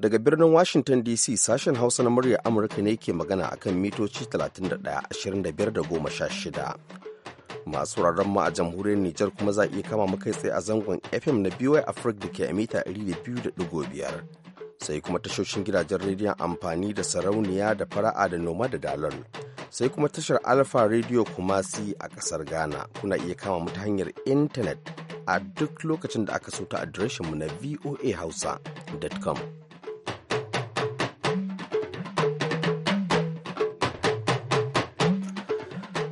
Daga birnin Washington DC sashen Hausa na murya Amurka ne ke magana a kan mitoci 31 da goma sha shida Masu rarren mu a jamhuriyar Nijar kuma za a iya kama kai tsaye a zangon FM na BY Africa da ke a mita 200.5. Sai kuma tashoshin gidajen rediyon amfani da sarauniya da fara'a da noma da dalar. Sai kuma tashar Alpha Radio Kumasi a kasar Ghana kuna iya kama mu ta hanyar intanet a duk lokacin da aka so ta adireshinmu na voahausa.com.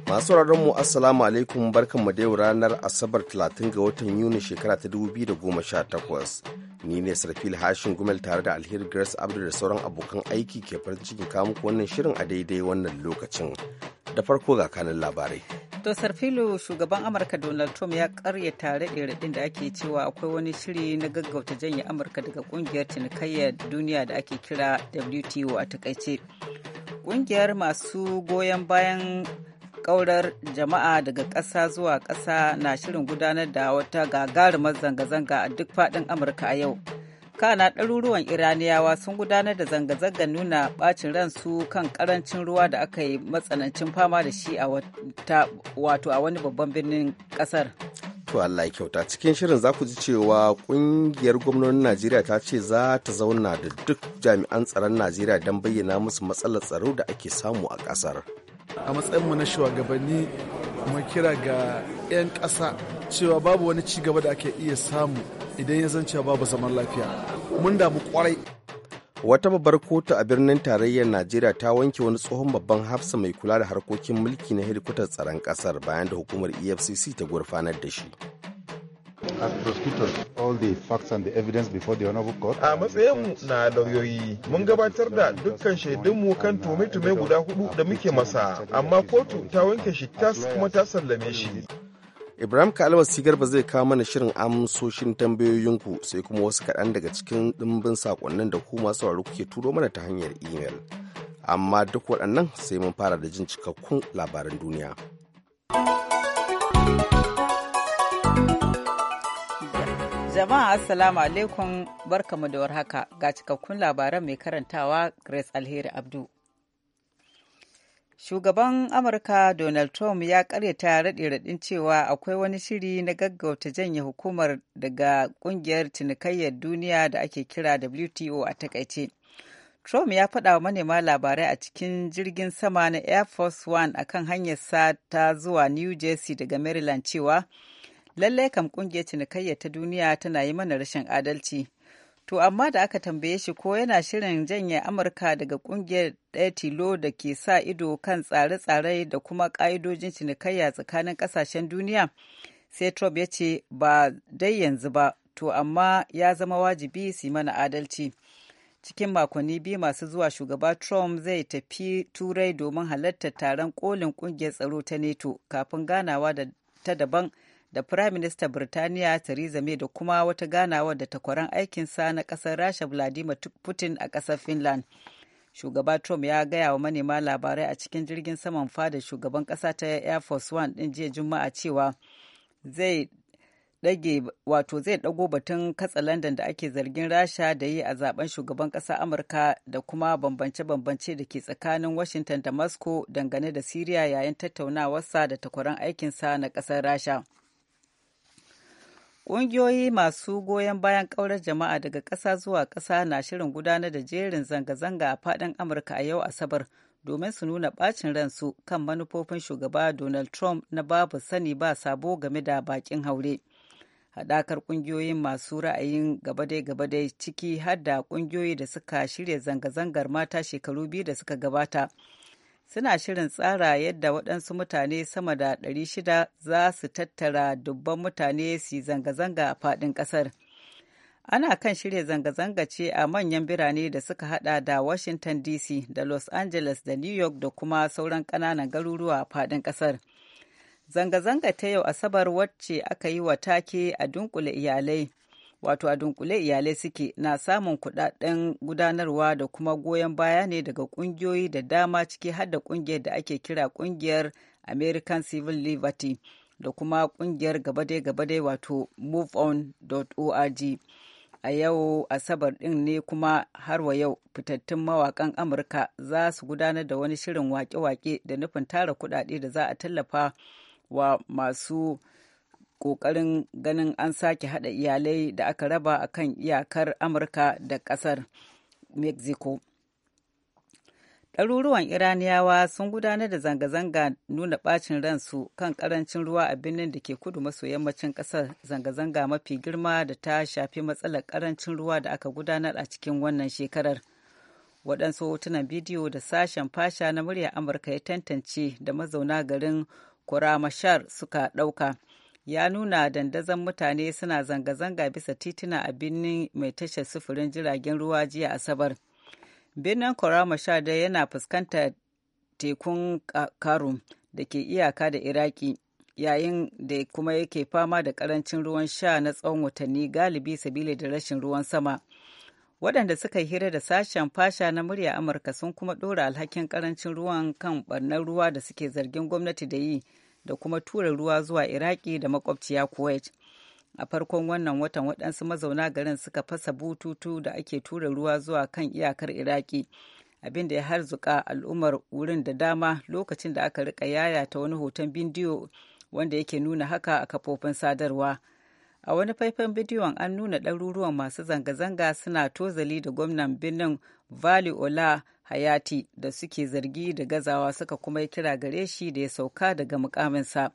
Masu mu Assalamu alaikum barkan mu yau ranar Asabar 30 ga watan Yuni shekara ta 2018. Ni ne Sarfil Hashin Gumel tare da Alheri Grace Abdu da sauran abokan aiki ke farin cikin ko wannan shirin a daidai wannan lokacin. Da farko ga kanin labarai. To Sarfilu shugaban Amurka Donald Trump ya karya tare raɗin da ake cewa akwai wani shiri na gaggauta janye Amurka daga kungiyar cinikayyar duniya da ake kira WTO a takaice. Kungiyar masu goyon bayan Ƙaurar jama'a daga ƙasa zuwa ƙasa na shirin gudanar da wata gagarumar zanga-zanga a duk faɗin Amurka a yau. Kana ɗaruruwan Iraniyawa sun gudanar da zanga zanga nuna ɓacin ransu kan ƙarancin ruwa da aka yi matsanancin fama da shi a wato a wani babban birnin ƙasar. To Allah kyauta cikin shirin za ku ji cewa ƙungiyar gwamnonin Najeriya ta ce za ta zauna da duk jami'an tsaron Najeriya don bayyana musu matsalar tsaro da ake samu a ƙasar. a matsayinmu na shugabanni mu kira ga 'yan ƙasa cewa babu wani ci gaba da ake iya samu idan ya zance babu zaman lafiya mun damu kwarai wata babbar kotu a birnin tarayyar najeriya ta wanke wani tsohon babban hafsa mai kula da harkokin mulki na hedikwatar tsaron kasar bayan da hukumar efcc ta gurfanar da shi the facts and the evidence before the honorable court. A matsayinmu na lauyoyi mun gabatar da dukkan shaidun mu kan tume-tume guda hudu da muke masa amma kotu ta wanke shi tas kuma ta sallame shi. Ibrahim Kalawar Sigarba zai kawo mana shirin amsoshin tambayoyinku sai kuma wasu kaɗan daga cikin ɗimbin saƙonnin da kuma sauraro kuke turo mana ta hanyar imel. Amma duk waɗannan sai mun fara da jin cikakkun labaran duniya. Jama'a Assalamu alaikum barkamu da warhaka ga cikakkun labaran mai karantawa Grace Alheri Abdu. Shugaban Amurka Donald Trump ya karyata raɗe-raɗin cewa akwai wani shiri na gaggauta janye hukumar daga ƙungiyar cinikayyar duniya da ake kira WTO a takaice. Trump ya faɗa wa manema labarai a cikin jirgin sama na Air Force One akan hanyarsa ta zuwa New Jersey daga Maryland cewa lallai kam kungiyar cinikayya ta duniya tana yi mana rashin adalci to amma da aka tambaye shi ko yana shirin janye amurka daga kungiyar ɗaya tilo da ke sa ido kan tsare-tsare da kuma ƙa'idojin cinikayya tsakanin ƙasashen duniya sai trump ya ce ba dai yanzu ba to amma ya zama wajibi su yi mana adalci cikin makonni biyu masu zuwa shugaba trump zai tafi turai domin halartar taron kolin kungiyar tsaro ta NATO kafin ganawa da ta daban da firaminista Birtaniya Theresa May da kuma wata ganawa da takwaran aikinsa na ƙasar Rasha Vladimir Putin a kasar Finland. Shugaba Trump ya gaya wa manema labarai a cikin jirgin saman fada shugaban ƙasa ta Air Force One ɗin jiya Juma'a cewa zai dage wato zai dago batun katsa London da ake zargin Rasha da yi a zaben shugaban ƙasa Amurka da kuma bambance-bambance da ke tsakanin Washington da Moscow dangane da syria yayin tattaunawarsa da takwaran aikinsa na ƙasar Rasha. Ƙungiyoyi masu goyon bayan ƙaurar jama'a daga ƙasa zuwa ƙasa na shirin gudanar da jerin zanga-zanga a faɗin Amurka a yau Asabar domin su nuna ɓacin ransu kan manufofin shugaba Donald Trump na babu sani ba sabo game da baƙin haure. Haɗakar ƙungiyoyin masu ra'ayin gabadai-gabadai ciki har da ƙungiyoyi da suka shirya zanga-zangar mata shekaru biyu da suka gabata suna shirin tsara yadda waɗansu mutane sama da 600 za su tattara dubban mutane su zanga-zanga a faɗin ƙasar. Ana kan shirya zanga-zanga ce a manyan birane da suka hada da Washington DC da Los Angeles da New York da kuma sauran ƙananan garuruwa a faɗin ƙasar. Zanga-zanga ta yau Asabar wacce aka yi wa take a dunkule iyalai wato a dunkule iyalai suke na samun kudaden gudanarwa da kuma goyon baya ne daga kungiyoyi da dama ciki har da kungiyar da ake kira kungiyar american civil liberty da kuma kungiyar gabadai-gabadai wato moveon.org a yau asabar din ne kuma har wa yau fitattun mawakan amurka za su gudanar da wani shirin wake-wake da nufin tara kudade da za a tallafa wa masu ƙoƙarin ganin an sake haɗa iyalai da aka raba a kan iyakar amurka da ƙasar mexico ɗaruruwan iraniyawa sun gudanar da zanga-zanga nuna ɓacin ransu kan ƙarancin ruwa a birnin da ke kudu maso yammacin ƙasar zanga-zanga mafi girma da ta shafi matsalar ƙarancin ruwa da aka gudanar a cikin wannan shekarar waɗansu hotunan bidiyo da sashen fasha na murya amurka ya tantance da mazauna garin kuramashar suka ɗauka ya nuna dandazon mutane suna zanga-zanga bisa tituna a birnin mai tashar sufurin jiragen ruwa jiya asabar birnin korama sha yana fuskantar tekun karum da ke iyaka da iraki yayin da kuma yake fama da karancin ruwan sha na tsawon watanni galibi sabili da rashin ruwan sama waɗanda suka yi hira da sashen fasha na murya amurka sun kuma ɗora alhakin karancin ruwan kan ɓarnar ruwa da suke zargin gwamnati da yi da kuma tura ruwa zuwa iraki da makwabciya kuwait a farkon wannan watan waɗansu mazauna garin suka fasa bututu da ake tura ruwa zuwa kan iyakar iraki abin da ya harzuka al'ummar wurin da dama lokacin da aka rika yaya ta wani hoton bindiyo wanda yake nuna haka a kafofin sadarwa. a wani faifan bidiyon an nuna ɗaruruwan masu zanga-zanga suna tozali da gwamnan birnin vali ola hayati da suke zargi da gazawa suka kuma yi kira gare shi da ya sauka daga mukaminsa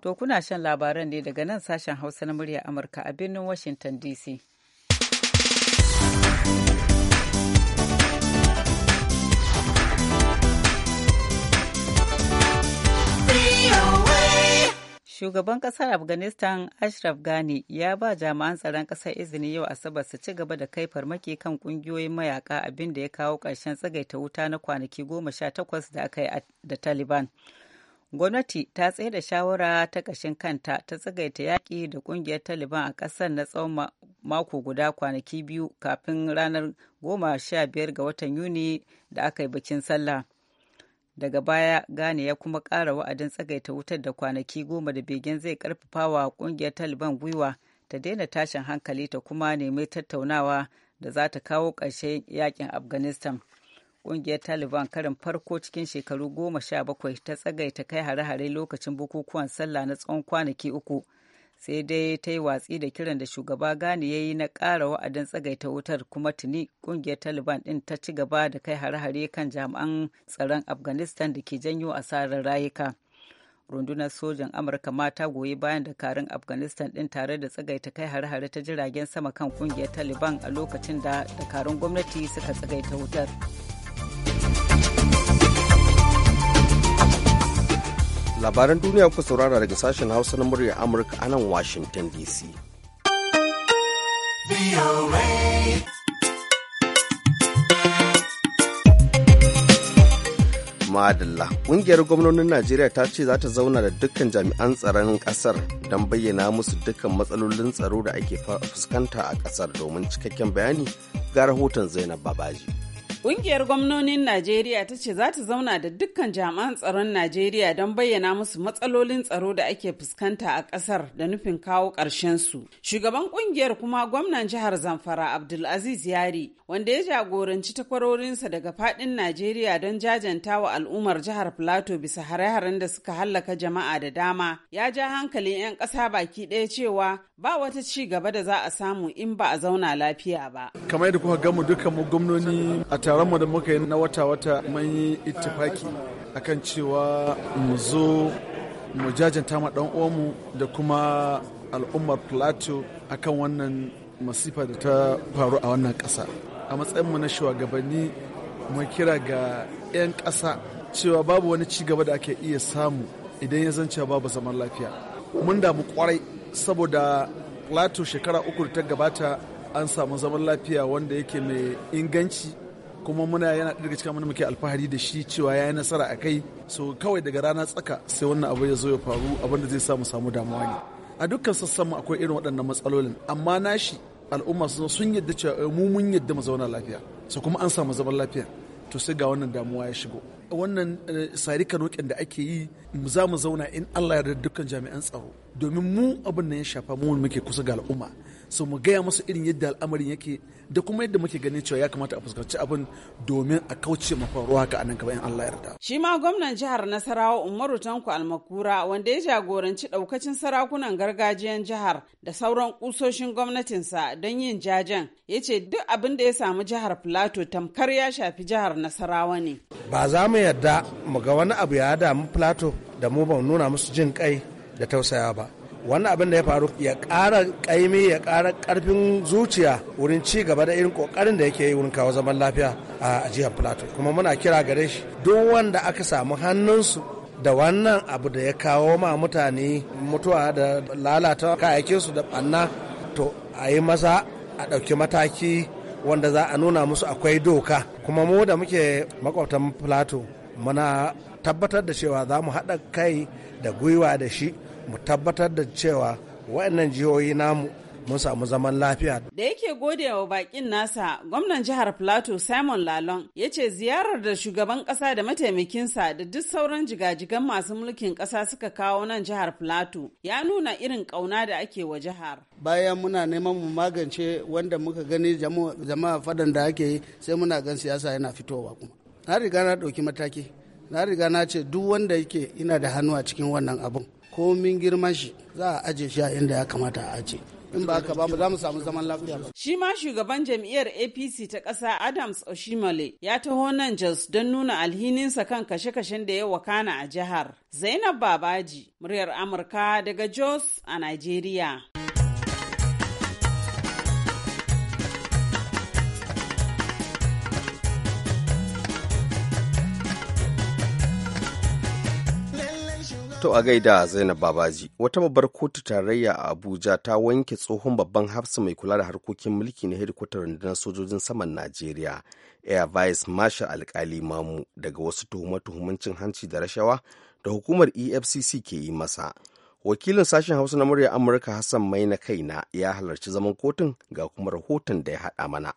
to kuna shan labaran ne daga nan sashen hausa na murya amurka a birnin washington dc Shugaban kasar Afghanistan Ashraf Ghani ya ba jami'an tsaron kasar izini yau Asabar su ci gaba da kai farmaki kan kungiyoyin mayaka abin da ya kawo ƙarshen tsagaita wuta na kwanaki goma sha takwas da aka yi da Taliban. Gwamnati ta tsaye da shawara ta ƙashin kanta ta tsagaita yaƙi da ƙungiyar Taliban a ƙasar na tsawon mako guda kwanaki biyu kafin ranar goma sha biyar ga watan Yuni da aka yi bikin sallah. daga baya gane ya kuma ƙara wa'adin tsagaita wutar da kwanaki goma da begen zai karfafa wa kungiyar taliban gwiwa ta daina tashin hankali ta kuma nemi tattaunawa da za ta kawo ƙarshen yakin afghanistan kungiyar taliban karin farko cikin shekaru goma sha bakwai ta tsagaita kai hare-hare lokacin bukukuwan sallah na tsawon kwanaki uku sai dai ta yi watsi da kiran da shugaba gani ya yi na ƙara wa'adin tsagaita wutar kuma tuni ƙungiyar taliban ɗin ta ci gaba da kai hare-hare kan jami'an tsaron afghanistan da ke janyo asarar rayuka rundunar sojan amurka ma ta goyi bayan dakarun afghanistan ɗin tare da tsagaita kai hare-hare ta jiragen sama kan ƙungiyar taliban a lokacin da dakarun gwamnati suka tsagaita wutar. labaran duniya kuka saurara daga sashen hausa na murya amurka a nan washington dc madalla ƙungiyar gwamnonin najeriya ta ce za ta zauna da dukkan jami'an tsaron ƙasar don bayyana musu dukkan matsalolin tsaro da ake fuskanta a ƙasar domin cikakken bayani ga rahoton zainab babaji Ƙungiyar gwamnonin Najeriya ta ce za ta zauna da dukkan jami'an tsaron Najeriya don bayyana musu matsalolin tsaro da ake fuskanta a ƙasar da nufin kawo su. Shugaban ƙungiyar kuma gwamnan jihar Zamfara Abdulaziz Yari, wanda ya jagoranci takwarorinsa daga faɗin Najeriya don jajanta wa al'ummar jihar Plateau bisa hare-haren da suka hallaka jama'a da dama, ya ja hankalin 'yan ƙasa baki ɗaya cewa ba wata ci gaba da za a samu in ba a zauna lafiya ba. Kamar yadda kuka gamu dukkan gwamnoni a taron da muka yi na wata-wata mun yi ittifaki akan cewa mu zo mu jajanta ma dan uwanmu da kuma al'ummar plateau akan wannan masifa da ta faru a wannan ƙasa a matsayinmu na shugabanni mu kira ga 'yan ƙasa cewa babu wani ci gaba da ake iya samu idan ya zance babu zaman lafiya mun damu kwarai saboda plateau shekara uku da ta gabata an samu zaman lafiya wanda yake mai inganci kuma muna yana daga cikin mun muke alfahari da shi cewa ya yi nasara a kai so kawai daga rana tsaka sai wannan abu ya zo ya faru abinda zai sa mu samu damuwa ne a dukkan sassan mu akwai irin waɗannan matsalolin amma nashi al'umma sun sun yadda cewa eh, mu mun yadda mu zauna lafiya so kuma an samu zaman lafiya to sai ga wannan damuwa ya shigo wannan eh, sarika roƙin da ake yi za mu zauna in Allah ya dukkan jami'an tsaro domin mu abin nan ya shafa mu muke kusa ga al'umma so mu gaya musu irin yadda al'amarin yake da kuma yadda muke ganin cewa ya kamata a fuskanci abin domin a kauce ma faruwa haka a nan gaba in Allah yarda. Shi ma gwamnan jihar Nasarawa Umaru Tanko Almakura wanda ya jagoranci daukacin sarakunan gargajiyan jihar da sauran kusoshin gwamnatinsa don yin jajen ya ce duk abin da ya samu jihar Filato tamkar ya shafi jihar Nasarawa ne. Ba za mu yarda mu ga wani abu ya damu Filato da mu ba nuna musu jin kai da tausaya ba. wannan abin da ya faru ya ƙara ƙaimi ya ƙara ƙarfin zuciya wurin ci gaba da irin ƙoƙarin da yake yi wurin kawo zaman lafiya a jihar plateau kuma muna kira gare shi duk wanda aka samu hannunsu da wannan abu da ya kawo ma mutane mutuwa da lalata kayakinsu da ɓanna to a yi masa a ɗauki mataki wanda za a nuna musu akwai doka kuma mu da muke makwabtan plateau muna tabbatar da cewa za mu haɗa kai da gwiwa da shi mu tabbatar da cewa waɗannan jihohi namu mun samu zaman lafiya. Da yake gode wa bakin nasa, gwamnan jihar Plateau Simon Lalon ya ce ziyarar da shugaban kasa da mataimakinsa da duk sauran jigajigan masu mulkin kasa suka kawo nan jihar Plateau ya nuna irin kauna da ake wa jihar. Bayan muna neman mu magance wanda muka gani jama'a fadan da ake yi sai muna gan siyasa yana fitowa kuma. Na riga na ɗauki mataki. Na riga na ce duk wanda yake ina da hannu a cikin wannan abun. komin girma shi za a aje shi a inda ya kamata a aje in ba ka ba mu, za mu samu zaman lafiya ba. Shi ma shugaban jam'iyyar APC ta ƙasa Adams Oshimale ya taho nan Jos don nuna alhininsa kan kashe-kashen da ya wakana a jihar. Zainab Babaji, muryar Amurka daga Jos a Najeriya. To a gaida Zainab Babaji, wata babbar kotu tarayya a Abuja ta wanke tsohon babban hafsa mai kula da harkokin mulki na hedikwatar rundunar sojojin saman Najeriya, Air Vice Marshal Alkali Mamu daga wasu tuhume-tuhumen cin hanci da rashawa da hukumar EFCC ke yi masa. Wakilin sashen Hausa na murya Amurka Hassan Mai na kaina ya halarci zaman kotun ga kuma rahoton da ya haɗa mana.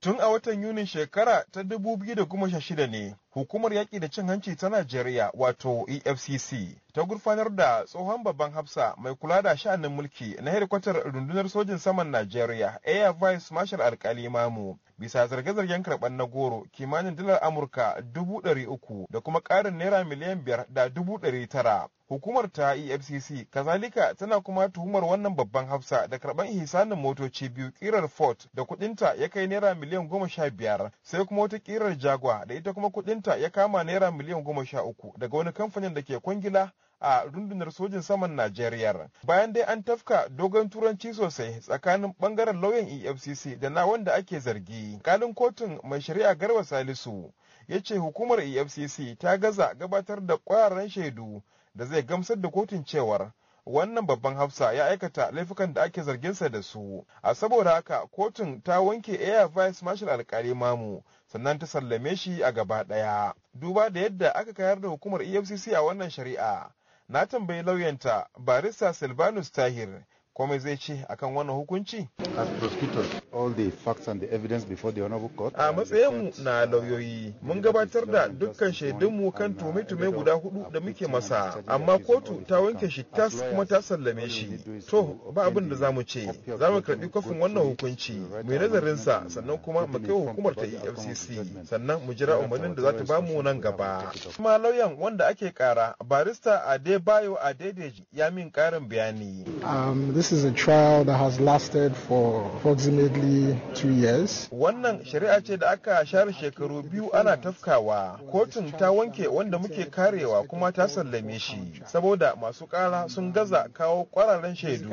Tun a watan Yunin shekara ta 2016 ne hukumar yaƙi da cin hanci ta Najeriya wato EFCC ta gurfanar da tsohon babban hafsa mai kula da sha'anin mulki na hedikwatar rundunar sojin saman Najeriya Air Vice Marshal Alkali Mamu bisa zarge-zargen karɓar na goro kimanin dalar Amurka dubu ɗari uku da kuma ƙarin naira miliyan biyar da dubu ɗari tara hukumar ta efcc kazalika tana kuma tuhumar wannan babban hafsa da karban hisanin motoci biyu kirar ford da kudinta ya kai naira miliyan goma sha biyar sai kuma wata kirar jaguar da ita kuma kudinta ya kama naira miliyan goma sha uku daga wani kamfanin da ke kwangila a rundunar sojin saman Najeriya. Bayan dai an tafka dogon turanci sosai tsakanin bangaren lauyan EFCC da na wanda ake zargi. Kalin kotun mai shari'a Garba Salisu ya ce hukumar EFCC ta gaza gabatar da kwararren shaidu da zai gamsar da kotun cewar wannan babban hafsa ya aikata laifukan da ake zarginsa da su a saboda haka kotun ta wanke air vice marshal alkali mamu sannan ta sallame shi a gaba daya duba da yadda aka kayar da hukumar efcc a wannan shari'a na tambayi lauyanta barista silvanus tahir komai zai ce akan wannan hukunci? As prosecutors, all the facts and the evidence before the honorable court. A matsayinmu na lauyoyi, mun gabatar da dukkan shaidunmu kan tume-tume guda hudu da muke masa, amma kotu ta wanke shi tas kuma ta sallame shi. To, ba abin da za mu ce, za mu karɓi kofin wannan hukunci, mu yi sa sannan kuma mu kai hukumar ta EFCC, sannan mu jira umarnin da za ta bamu nan gaba. Kuma lauyan wanda ake kara, barista Adebayo Adedeji ya min karin bayani. Um, This is a trial that has lasted for approximately two years. Wannan shari'a ce da aka share shekaru biyu ana tafkawa. Kotun ta wanke wanda muke karewa kuma ta sallame shi saboda masu kara sun gaza kawo kwararren shaidu.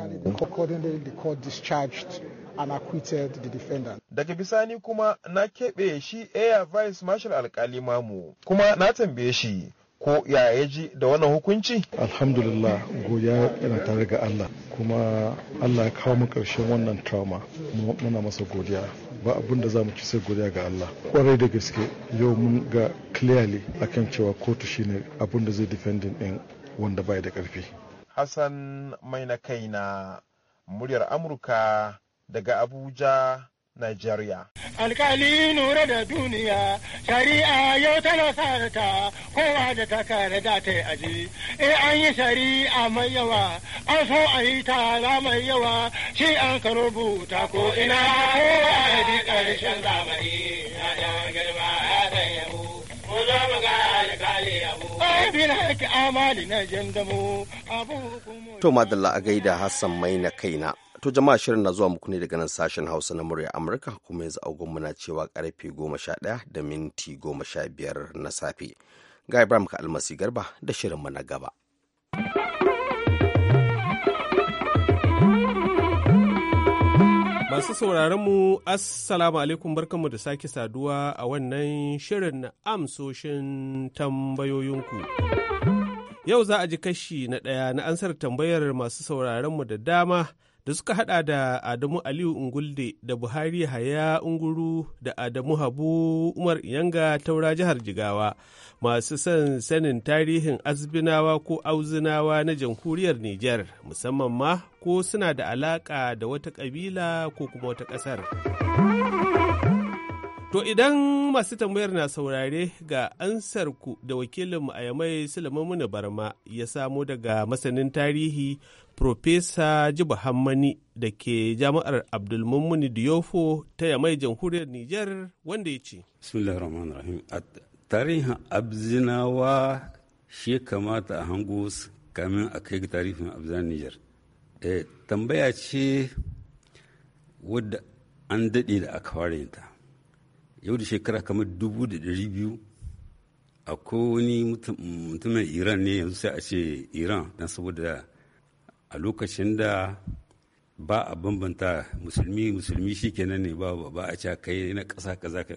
the Daga bisani kuma na keɓe shi Air Vice Marshal Alkali Mamu kuma na tambaye shi ko ya ya ji da wannan hukunci? Alhamdulillah goya yana tare ga Allah kuma Allah ya kawo mu karshen wannan trauma muna masa godiya ba abin da za mu ci sai godiya ga Allah kwarai da gaske yau mun ga clearly akan cewa kotu shine abin da zai defending din wanda bai da karfi Hassan mai na kaina muryar Amurka daga Abuja Nigeria. Alkali nura da duniya, shari'a yau tana ta, kowa da ta kare da ta yi aji. E an yi shari'a mai yawa, an so a yi tara mai yawa, shi an ka rubuta ko ina ko a bi ƙarshen zamani. Ya girma ya tsaye mu, mu zo mu ga alkali amali na jandamu, hukumu. a gaida Hassan Maina kaina. To jama'a shirin na zuwa muku ne daga nan sashen Hausa na murya Amurka kuma yanzu agon muna cewa karfe goma sha ɗaya da minti goma sha biyar na safe. Ga Ibrahim ka almasi garba da mu na gaba. Masu sauraron mu Assalamu alaikum barkanmu da sake saduwa a wannan shirin amsoshin tambayoyinku. Yau za a ji kashi na ɗaya na ansar tambayar masu mu da dama da suka hada da Adamu Aliyu Ungulde da Buhari Haya Unguru da Adamu Habu Umar Yanga taura jihar Jigawa masu son sanin tarihin azbinawa ko auzinawa na jamhuriyar Nijar musamman ma ko suna da alaka da wata kabila ko kuma wata ƙasar. To idan masu tambayar na saurare ga ansarku da wakilinmu a yamai Sulaiman Barma ya samo daga masanin tarihi Profesa Jibu Hammani da ke jami'ar Abdulmummuni Diyofo ta yamai jamhuriyar Nijar wanda ya ce. Bismillahirrahmanirrahim. A tarihin Abzinawa shi kamata a hango kamin a kai ga tarihin Abzan Nijar. Eh, tambaya ce wadda an daɗe da aka fara ta. yau da shekara kamar dubu da ɗari biyu a kowani mutumin iran ne yanzu sai a ce iran don saboda a lokacin da ba a bambanta musulmi musulmi shi kenan ne ba ba a ce kai na ƙasa kaza ka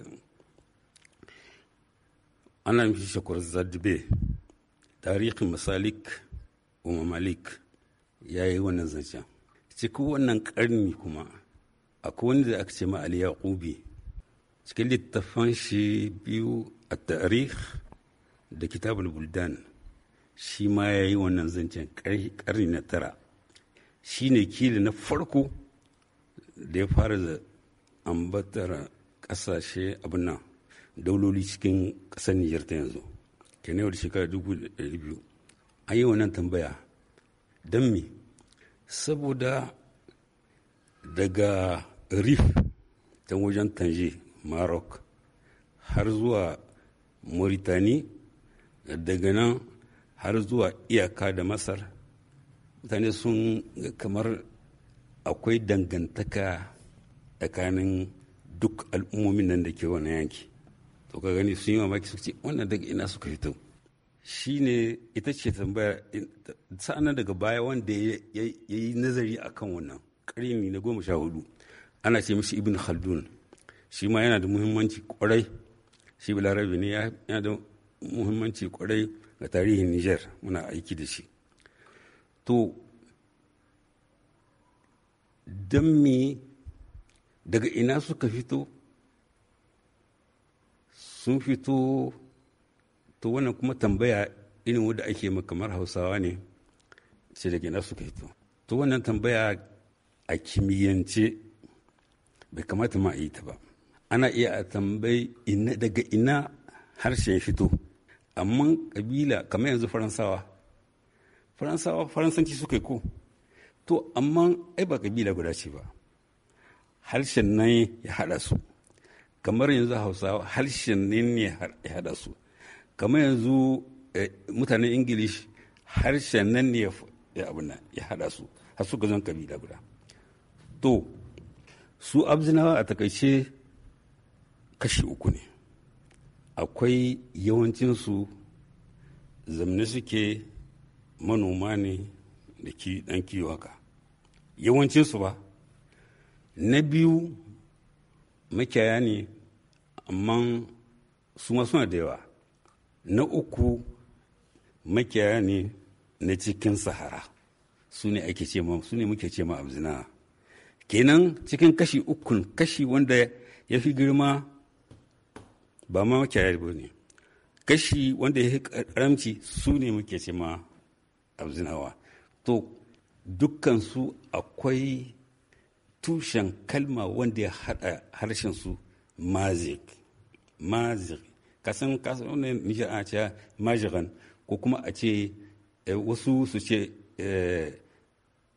ana mishi shakur zadbe tarihin masalik umar malik ya yi wannan zancen cikin wannan ƙarni kuma akwai wani da aka ce ma ali yaqubi cikin littattafan shi biyu a tarih da kitabul buldan shi ma ya yi wannan zancen karni na tara shi ne kili na farko da ya fara da ambatar ƙasashe abin nan dauloli cikin ƙasar Nijar ta yanzu kenan yau shekara dubu biyu an yi wannan tambaya don saboda daga rif ta wajen tanje maroc har zuwa mauritani daga nan har zuwa iyaka da masar mutane sun kamar akwai dangantaka tsakanin duk al'ummomin nan da ke wani yanki to ka gani sun yi mamaki suka ce wannan daga ina suka fito shi ne ita ce tambaya sa'anan daga baya wanda ya yi nazari akan wannan ƙarni na goma sha hudu ana ce mishi ibn khaldun shi ma yana da muhimmanci kwarai shi balarabe ne yana da muhimmanci kwarai ga tarihin niger muna aiki da shi to don me daga ina suka fito sun fito to wannan kuma tambaya irin wadda ake kamar hausawa ne sai daga ina suka fito to wannan tambaya a kimiyyance bai kamata ma a yi ta ba ana iya a tambayi daga ina harshen fito amma kabila kamar yanzu faransawa faransawa faransanci suka yi ko to amma ai ba kabila guda ce ba harshen nan ya haɗa su kamar yanzu hausawa harshen nan ne ya haɗa su kamar yanzu eh, mutanen ingilish harshen nan ne ya haɗa su har suka zan kabila guda to su abzinawa a takaice kashi uku ne akwai yawancinsu zamne suke manoma ne da ki dan kiwo yawancinsu ba na biyu makiyaya ne amma su ma suna da yawa na uku makiyaya ne na cikin sahara su ne ake ce su ne muke ce ma abzina kenan cikin kashi ukun kashi wanda ya fi girma ba ma makiyaya ba ne gashi wanda ya karamci su ne muke ce ma abzinawa to dukkansu akwai tushen kalma wanda ya haɗa harshen su mazik mazik kasan kasan wannan nisha a cewa majiran ko kuma a ce eh, wasu su ce eh,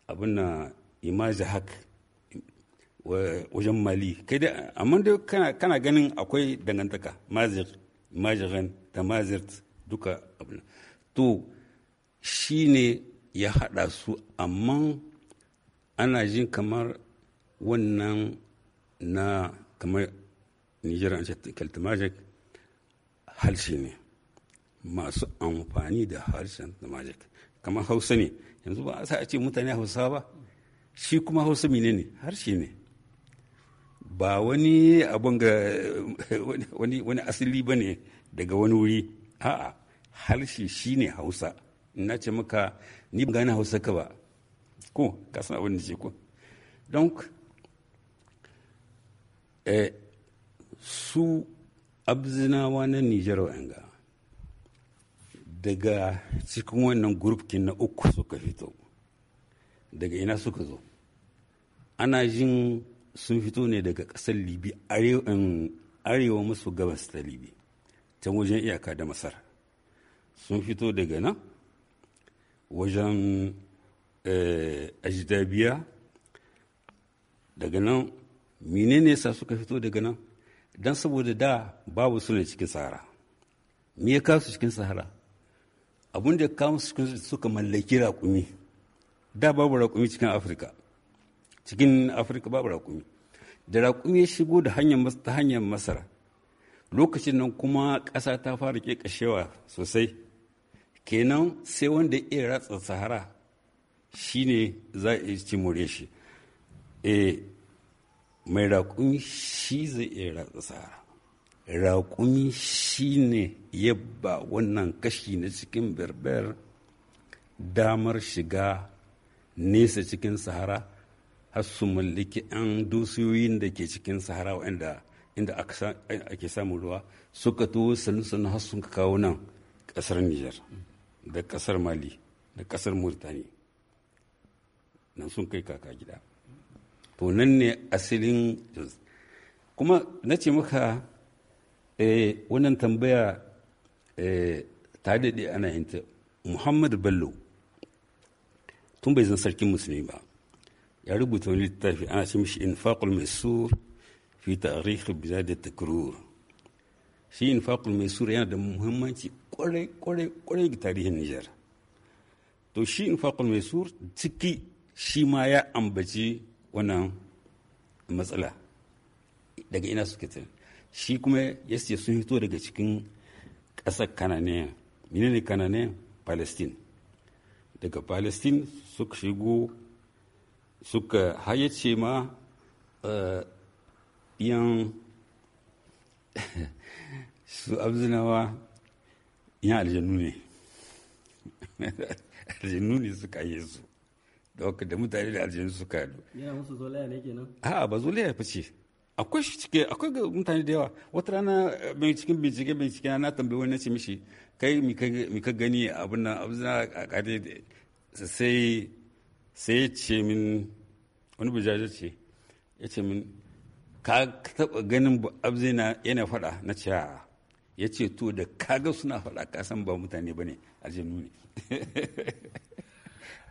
abin na imaji haka wajen mali kai da amma dai kana ganin akwai dangantaka mazir majiran da mazir duka abin to shi ne ya haɗa su amma ana jin kamar wannan na kamar nigeria an ce kaltamajik harshe ne masu amfani da harshen tamajik kamar hausa ne yanzu ba a sa a ce mutane hausa ba shi kuma hausa mine ne harshe ne ba wani abun ga wani, wani asali ba ne daga wani wuri a'a harshe ne hausa na ce maka ni ban gane hausa ka ba ko ka san abin da ce ko don eh, su abzinawa na nijar wa'anga daga cikin wannan gurfkin na uku suka fito daga ina suka zo ana jin sun fito ne daga ƙasar libi um, arewa maso gabas ta libi ta wajen iyaka da masar sun fito daga nan wajen eh, ajidabiya daga nan menene sa suka fito daga nan don saboda da babu suna cikin sahara me ya kasu cikin sahara abin da ya kawo suka mallaki raƙumi da babu raƙumi cikin afirka cikin afirka babu raƙumi da raƙumi ya shigo da hanyar ta hanyar masara lokacin nan kuma ƙasa ta fara ƙeƙashewa sosai kenan sai wanda ya iya ratsa sahara shine za a yi more shi e mai raƙumi shi zai iya ratsa sahara raƙumi shi ne ba wannan kashi na cikin berber damar shiga nesa cikin sahara har su mallaki 'yan dusiyoyin da ke cikin sahara inda inda ake samun ruwa suka to sannu sannu har sun kawo nan kasar niger da kasar mali da kasar murtani nan sun kai kaka gida to nan ne asalin kuma na ce maka eh, wannan tambaya eh, ta daɗe ana yinta muhammadu bello tun bai zan sarkin musulmi ba ya rubuta wani littafi ana ce mishi infaqul maisur fi tarikh bilad da takrur shi infaqul maisur yana da muhimmanci kwarai kwarai kwarai ga tarihin Nijar to shi infaqul maisur ciki shi ma ya ambaci wannan matsala daga ina suke tun shi kuma ya ce sun hito daga cikin ƙasar kananiya menene kananiya palestine daga palestine suka shigo suka hayyace ma eh, yan su abzinawa yan aljanu ne aljanu ne suka yi su da da mutane da aljanu suka haɗu yana musu zolaya ne kenan a ba zolaya ya fice akwai shi cike akwai ga mutane da yawa wata rana eh, mai cikin bincike bincike na tambayi wani ce mishi kai mika ka gani abin nan abin a kare sai sai ya ce min wani bujaje ce ya ce min ka taɓa ganin abzai na yana faɗa na ce ya ce to da kaga suna faɗa kasan ba mutane ba ne aljanu ne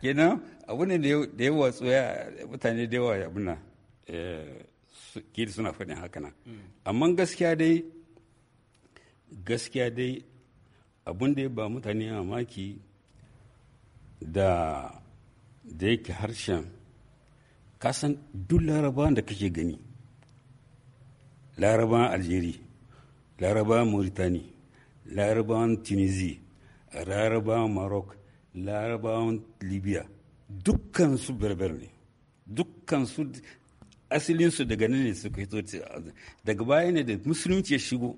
gina abu ne da ya watsu ya mutane da yawa abu na eh, kiri suna faɗin haka nan mm. amma gaskiya dai gaskiya dai abin da ya ba mutane mamaki da da yake harshen kasan duk larabawan da kake gani larabawan algeria larabawan mauritani larabawan tunisia larabawan maroc larabawan libya dukkansu berber ne dukkansu asilinsu daga nan ne suka hito daga baya ne da musulunci ya shigo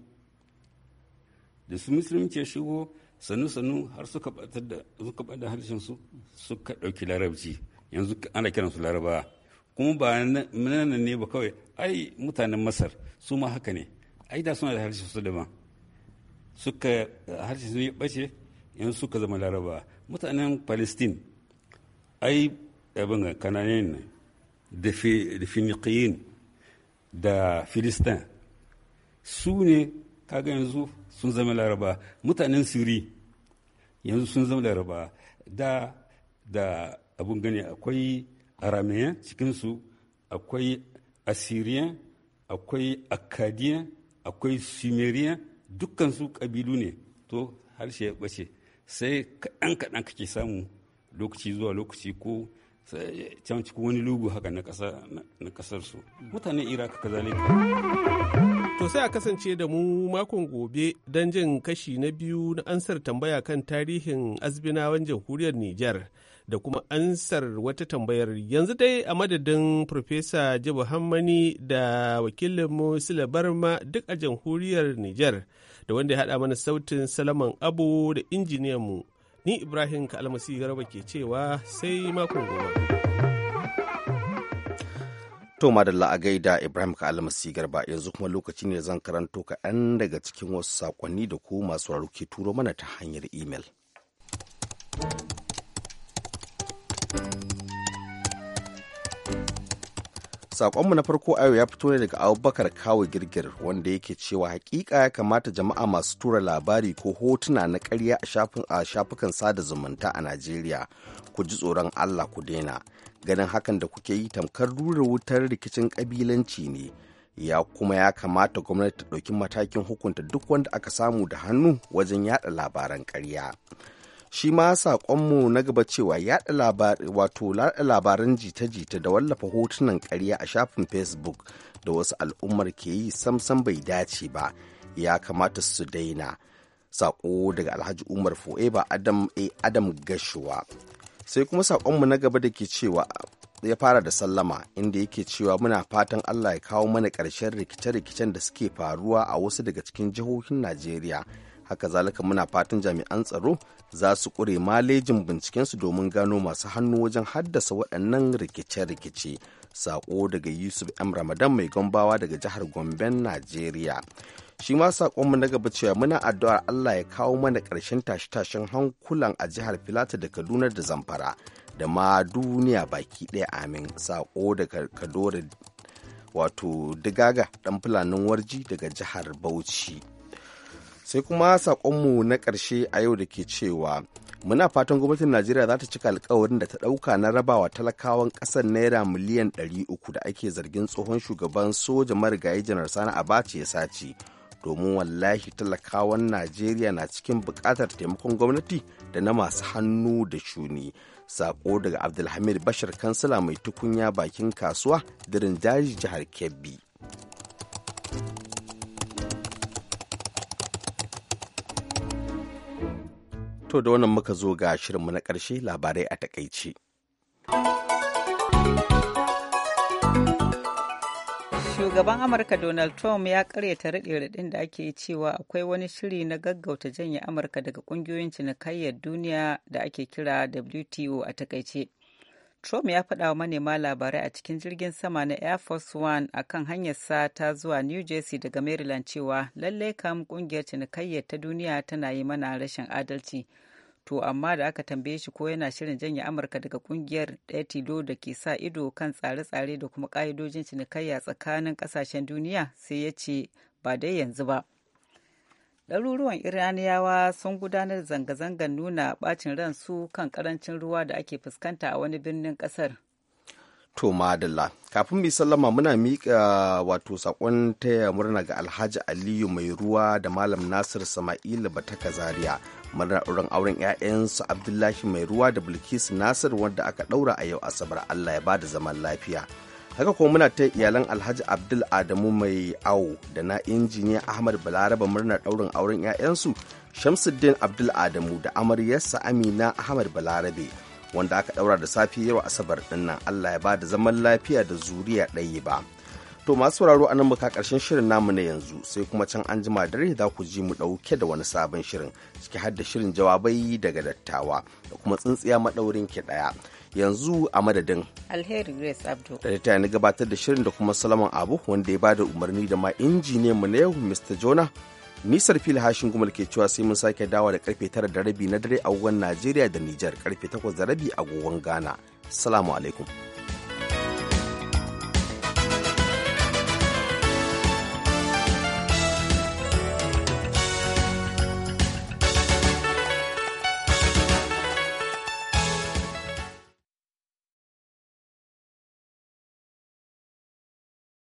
da su musulunci ya shigo sannu-sannu har suka batar da suka bada harshen su suka ɗauki larabci yanzu ana kiransu larabawa kuma ba nan ne ba kawai ai mutanen masar su ma haka ne ai da suna da harshen su daban suka harshen su ya bace yanzu suka zama larabawa mutanen palestine ai abin kananin da finiqiyin da filistin su ne kaga yanzu sun zama laraba mutanen siri yanzu sun zama laraba da da abun gani akwai arameyan cikinsu akwai assyrian akwai akkadiyan akwai sumerian dukkansu kabilu ne to harshe ya bace sai kaɗan kaɗan kake samu lokaci zuwa lokaci ko can cikin wani lugu haka na ƙasarsu su mutanen iraq zalika To sai a kasance da mu makon gobe don jin kashi na biyu na ansar tambaya kan tarihin azbinawan jamhuriyar Nijar da kuma ansar wata tambayar yanzu dai a madadin Profesa Jibu Hammani da wakilin Sila Barma duk a jamhuriyar Nijar da wanda ya haɗa mana sautin Salaman Abu da injiniyanmu. Ni Ibrahim Kalmasi Garba ke cewa sai makon gobe. To madalla a gaida Ibrahim ka almasi garba yanzu kuma lokaci ne zan karanto kaɗan daga cikin wasu saƙonni da ku masu ke turo mana ta hanyar imel. Sakonmu na farko a yau ya fito ne daga Abubakar Kawo Girgir wanda yake cewa hakika ya kamata jama'a masu tura labari ko hotuna na karya a shafukan sada zumunta a Najeriya ku ji tsoron Allah ku daina. Ganin hakan da kuke yi tamkar rura wutar rikicin kabilanci ne. Ya kuma ya kamata gwamnati ta ɗauki matakin hukunta duk wanda aka samu da hannu wajen yada labaran karya. shi ma saƙonmu na gaba cewa yaɗa labaran jita-jita da wallafa hotunan ƙarya a shafin facebook da wasu al'ummar ke yi samsam bai dace ba ya kamata su daina saƙo daga alhaji umar ba adam a eh, adam gashuwa sai kuma saƙonmu na gaba da ke cewa eh, ya fara da sallama inda yake cewa muna fatan allah ya kawo mana ƙarshen rikice-rikicen da suke faruwa a wasu daga cikin jihohin najeriya haka zalika muna fatan jami'an tsaro za su ƙure malejin bincikensu domin gano masu hannu wajen haddasa waɗannan rikice-rikice saƙo daga yusuf m ramadan mai gombawa daga jihar gomben najeriya shi ma saƙonmu na gaba cewa muna addu'ar allah ya kawo mana ƙarshen tashe-tashen hankulan a jihar filata da kaduna da zamfara da ma duniya baki ɗaya amin saƙo daga kadore wato digaga ɗan fulanin warji daga jihar bauchi sai kuma saƙonmu na ƙarshe a yau da ke cewa muna fatan gwamnatin najeriya za ta cika alkawarin da ta ɗauka na rabawa talakawan ƙasar naira miliyan ɗari uku da ake zargin tsohon shugaban soja marigayi janar sani abaci ya sace domin wallahi talakawan najeriya na cikin buƙatar taimakon gwamnati da na masu hannu da shuni saƙo daga abdulhamid bashir kansila mai tukunya bakin kasuwa dirin jihar kebbi To da wannan muka zo ga shirinmu na ƙarshe labarai a takaice. Shugaban Amurka Donald Trump ya karyata raɗe-raɗin da ake cewa akwai wani shiri na gaggauta janye Amurka daga ƙungiyoyin cinikayyar duniya da ake kira WTO a takaice. Trump ya faɗa wa manema labarai a cikin jirgin sama na Air Force One a kan hanyarsa ta zuwa New Jersey daga Maryland cewa lallai kam kungiyar cinikayyar ta duniya tana yi mana rashin adalci. To amma da aka tambaye shi ko yana shirin janye Amurka daga kungiyar ɗaya tilo da ke sa ido kan tsare-tsare da kuma ƙa'idojin cinikayya tsakanin ƙasashen duniya sai ya ce ba dai yanzu ba. ɗaruruwan iraniyawa sun gudanar zanga-zangar nuna ɓacin ransu kan ƙarancin ruwa da ake fuskanta a wani birnin ƙasar to madalla kafin mu sallama muna miƙa wato sakon taya murna ga alhaji aliyu mai ruwa da malam nasir sama'ila bataka zaria murna ɗaurin auren 'ya'yansu abdullahi mai ruwa da bilkisu nasir wanda aka ɗaura a yau asabar allah ya bada zaman lafiya haka kuma muna ta iyalan alhaji abdul adamu mai awo da na injiniya ahmad balaraba murnar daurin auren 'ya'yansu shamsuddin abdul adamu da amaryarsa amina ahmad balarabe wanda aka daura da safe yau asabar dinnan allah ya ba da zaman lafiya da zuriya ɗaya ba to masu sauraro a nan muka karshen shirin namu na yanzu sai kuma can an jima dare za ku ji mu ɗauke da wani sabon shirin ciki har da shirin jawabai daga dattawa da kuma tsintsiya maɗaurin ki ɗaya yanzu a madadin alheri grace abdu da ta ni gabatar da shirin da kuma salaman abu wanda ya bada umarni da ma injiniyan mu na yau mr jona nisar fil hashin gumal ke cewa sai mun sake dawa da karfe tara da rabi na dare a wuwan najeriya da nijar karfe takwas da rabi a agogon ghana salamu alaikum